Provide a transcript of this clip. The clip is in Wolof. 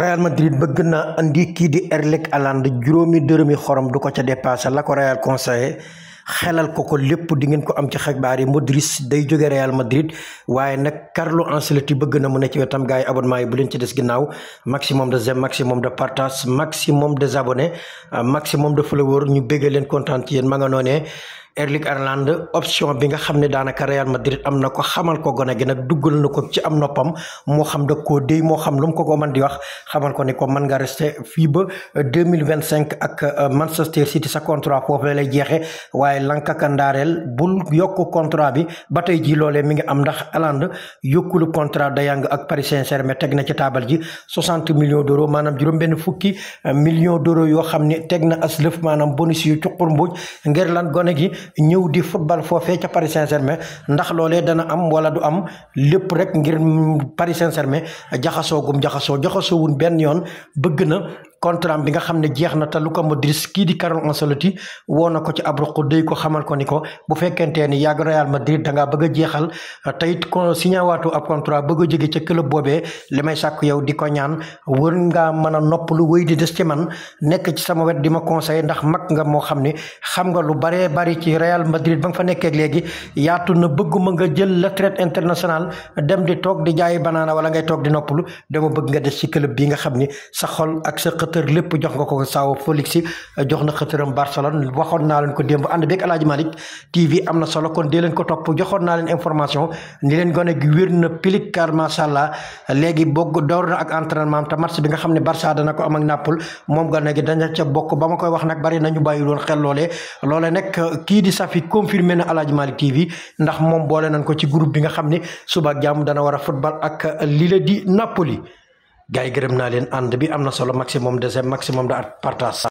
Real Madrid bëgg naa andi kii di Erling Haaland juróomi dërëmi xorom du ko ca dépassé la ko Real conseillé xelal ko ko lépp di ngeen ko am ci xibaar yi Modric day jóge Real Madrid waaye nag Carlo Ancelotti bëgg na mu ne ci wetam gars yi abonnement yi bu leen ci des ginnaaw maximum de j'aime maximum de partage maximum des abonnés maximum de followers ñu bëgg leen kontaan ci yéen ma nga Erling Haaland option bi nga xam ne daanaka Real Madrid am na ko xamal ko gone gi nag duggal na ko ci am noppam moo xam da koo déy moo xam lu mu ko ko mën di wax xamal ko ne ko mën nga resté fii ba deux mille vingt cinq ak euh, Manchester City sa contrat foofu lay jeexee waaye lankaka ndaareel bul yokk contrat bi ba tey jii loole mi ngi am ndax Haaland yokkulu contrat dayang ak Paris Saint-Germain teg na ci taabal ji soixante millions d'euros maanaam juróom-benn fukki millions d'euros yoo xam ni teg na aslëf maanaam bonus yu cuqur mbuuj ngir lan gone gi. ñëw di football foofee ca Paris Saint-Germain ndax loole dana am wala du am lépp rek ngir Paris Saint-Germain jaxasoo gum jaxasoo jaxasoo wun benn yoon bëgg na contrat bi nga xam ne jeex na te Luka Modric kii di Carlo Ancelotti woo na ko ci ab ruq ko xamal ko ni ko bu fekkentee ni Real Madrid da ngaa a jeexal te it ko signé waatu ab contrat bëgg a jóge ca club di ko ñaan wër ngaa mën a noppalu wéy di des ci man nekk ci sama wet di ma conseillé ndax mag nga moo xam ne xam nga lu baree bari ci Real Madrid ba nga fa nekkee léegi yaatu na bëgguma nga jël la traite internationale dem di toog di jaay banaana wala ngay toog di noppalu dama bëgg nga des ci club bi nga xam ni sa xol ak sa xët xëtër lépp jox nga ko Sao Félix jox na xëtëram Barcelone waxoon naa leen ko démb ànd beeg Aladji Malick TV am na solo kon dee leen ko topp joxoon naa leen information ni leen gone gi wér na pilik car macha allah léegi boog door na ak entraînement te match bi nga xam ne Barça dana ko am ak Naples moom gone gi dana ca bokk ba ma koy wax nag bari nañu bàyyi woon xel loolee loolee nag kii di Safi confirmé na Aladji Malick TV ndax moom boole nañ ko ci groupe bi nga xam ne suba ak jàmm a football ak lii gars yi gërëm naa leen bi am na solo maximum de j'aime maximum de partage